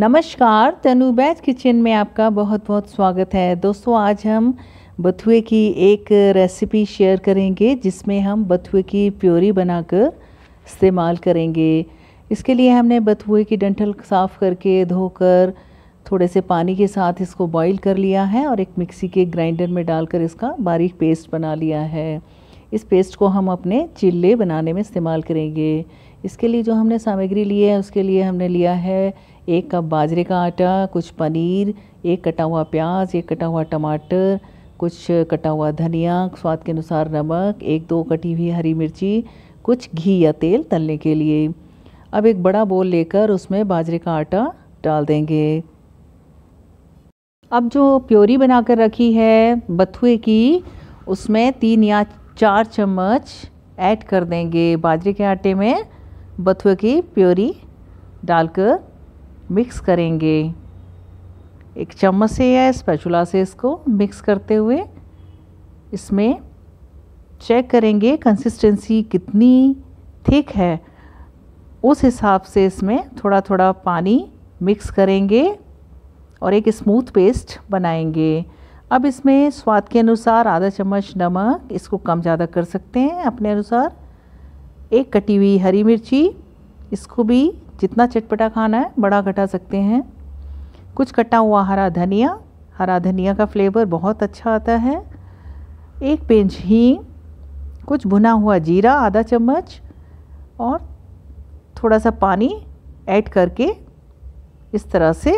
नमस्कार तनुबैज किचन में आपका बहुत बहुत स्वागत है दोस्तों आज हम बथुए की एक रेसिपी शेयर करेंगे जिसमें हम बथुए की प्योरी बनाकर इस्तेमाल करेंगे इसके लिए हमने बथुए की डंठल साफ़ करके धोकर थोड़े से पानी के साथ इसको बॉईल कर लिया है और एक मिक्सी के ग्राइंडर में डालकर इसका बारीक पेस्ट बना लिया है इस पेस्ट को हम अपने चिल्ले बनाने में इस्तेमाल करेंगे इसके लिए जो हमने सामग्री ली है उसके लिए हमने लिया है एक कप बाजरे का आटा कुछ पनीर एक कटा हुआ प्याज एक कटा हुआ टमाटर कुछ कटा हुआ धनिया स्वाद के अनुसार नमक एक दो कटी हुई हरी मिर्ची कुछ घी या तेल तलने के लिए अब एक बड़ा बोल लेकर उसमें बाजरे का आटा डाल देंगे अब जो प्योरी बनाकर रखी है बथुए की उसमें तीन या चार चम्मच ऐड कर देंगे बाजरे के आटे में बथुए की प्योरी डालकर मिक्स करेंगे एक चम्मच से या स्पैचुला से इसको मिक्स करते हुए इसमें चेक करेंगे कंसिस्टेंसी कितनी थिक है उस हिसाब से इसमें थोड़ा थोड़ा पानी मिक्स करेंगे और एक स्मूथ पेस्ट बनाएंगे अब इसमें स्वाद के अनुसार आधा चम्मच नमक इसको कम ज़्यादा कर सकते हैं अपने अनुसार एक कटी हुई हरी मिर्ची इसको भी जितना चटपटा खाना है बड़ा घटा सकते हैं कुछ कटा हुआ हरा धनिया हरा धनिया का फ्लेवर बहुत अच्छा आता है एक पेंच हींग कुछ भुना हुआ जीरा आधा चम्मच और थोड़ा सा पानी ऐड करके इस तरह से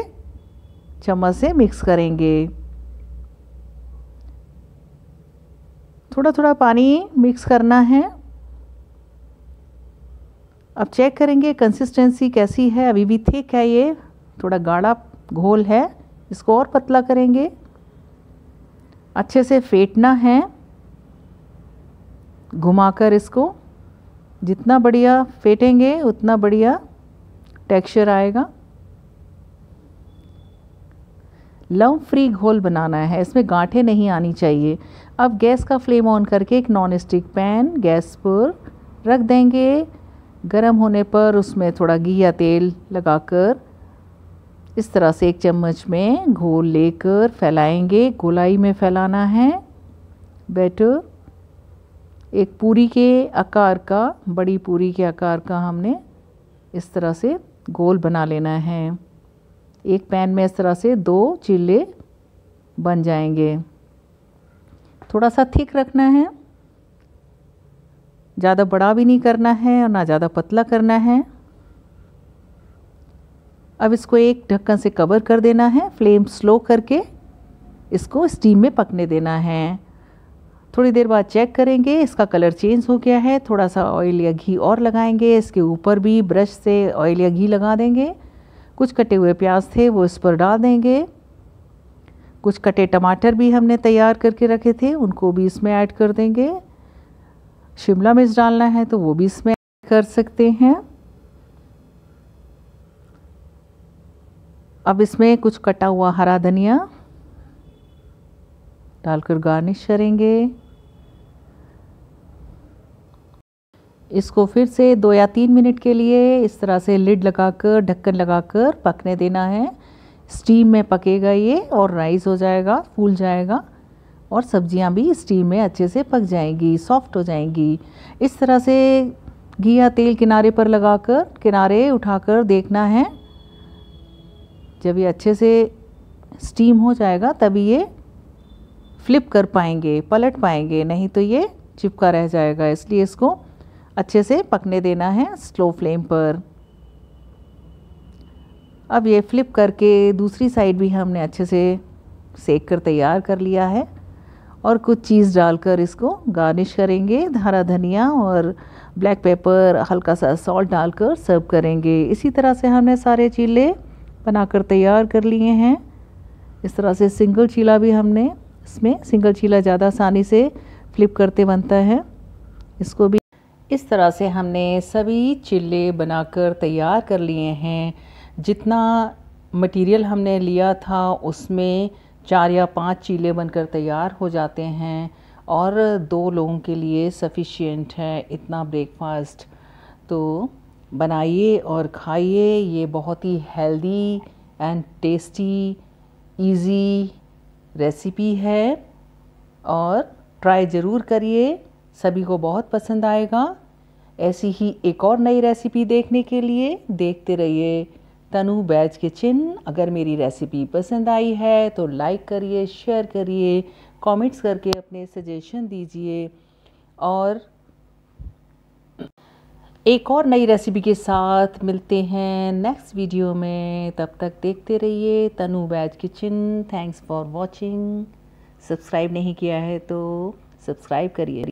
चम्मच से मिक्स करेंगे थोड़ा थोड़ा पानी मिक्स करना है अब चेक करेंगे कंसिस्टेंसी कैसी है अभी भी थिक है ये थोड़ा गाढ़ा घोल है इसको और पतला करेंगे अच्छे से फेटना है घुमाकर इसको जितना बढ़िया फेंटेंगे उतना बढ़िया टेक्सचर आएगा लम फ्री घोल बनाना है इसमें गांठें नहीं आनी चाहिए अब गैस का फ्लेम ऑन करके एक नॉन स्टिक पैन गैस पर रख देंगे गर्म होने पर उसमें थोड़ा घी या तेल लगाकर इस तरह से एक चम्मच में घोल लेकर फैलाएंगे गोलाई में फैलाना है बैटर एक पूरी के आकार का बड़ी पूरी के आकार का हमने इस तरह से गोल बना लेना है एक पैन में इस तरह से दो चिल्ले बन जाएंगे थोड़ा सा थिक रखना है ज़्यादा बड़ा भी नहीं करना है और ना ज़्यादा पतला करना है अब इसको एक ढक्कन से कवर कर देना है फ्लेम स्लो करके इसको स्टीम में पकने देना है थोड़ी देर बाद चेक करेंगे इसका कलर चेंज हो गया है थोड़ा सा ऑयल या घी और लगाएंगे इसके ऊपर भी ब्रश से ऑयल या घी लगा देंगे कुछ कटे हुए प्याज थे वो इस पर डाल देंगे कुछ कटे टमाटर भी हमने तैयार करके रखे थे उनको भी इसमें ऐड कर देंगे शिमला मिर्च डालना है तो वो भी इसमें कर सकते हैं अब इसमें कुछ कटा हुआ हरा धनिया डालकर गार्निश करेंगे इसको फिर से दो या तीन मिनट के लिए इस तरह से लिड लगाकर ढक्कन लगाकर पकने देना है स्टीम में पकेगा ये और राइस हो जाएगा फूल जाएगा और सब्जियां भी स्टीम में अच्छे से पक जाएंगी सॉफ्ट हो जाएंगी इस तरह से घी या तेल किनारे पर लगाकर किनारे उठाकर देखना है जब ये अच्छे से स्टीम हो जाएगा तभी ये फ्लिप कर पाएंगे पलट पाएंगे नहीं तो ये चिपका रह जाएगा इसलिए इसको अच्छे से पकने देना है स्लो फ्लेम पर अब ये फ्लिप करके दूसरी साइड भी हमने अच्छे से सेक कर तैयार कर लिया है और कुछ चीज़ डालकर इसको गार्निश करेंगे हरा धनिया और ब्लैक पेपर हल्का सा सॉल्ट डालकर सर्व करेंगे इसी तरह से हमने सारे चीले बनाकर तैयार कर लिए हैं इस तरह से सिंगल चीला भी हमने इसमें सिंगल चीला ज़्यादा आसानी से फ्लिप करते बनता है इसको भी इस तरह से हमने सभी चिल्ले बनाकर तैयार कर लिए हैं जितना मटेरियल हमने लिया था उसमें चार या पांच चीले बनकर तैयार हो जाते हैं और दो लोगों के लिए सफिशिएंट है इतना ब्रेकफास्ट तो बनाइए और खाइए ये बहुत ही healthy and tasty easy recipe है और ट्राई ज़रूर करिए सभी को बहुत पसंद आएगा ऐसी ही एक और नई रेसिपी देखने के लिए देखते रहिए तनु बैज किचन अगर मेरी रेसिपी पसंद आई है तो लाइक करिए शेयर करिए कमेंट्स करके अपने सजेशन दीजिए और एक और नई रेसिपी के साथ मिलते हैं नेक्स्ट वीडियो में तब तक देखते रहिए Tanu Baij kitchen thanks for watching subscribe नहीं किया है तो सब्सक्राइब करिए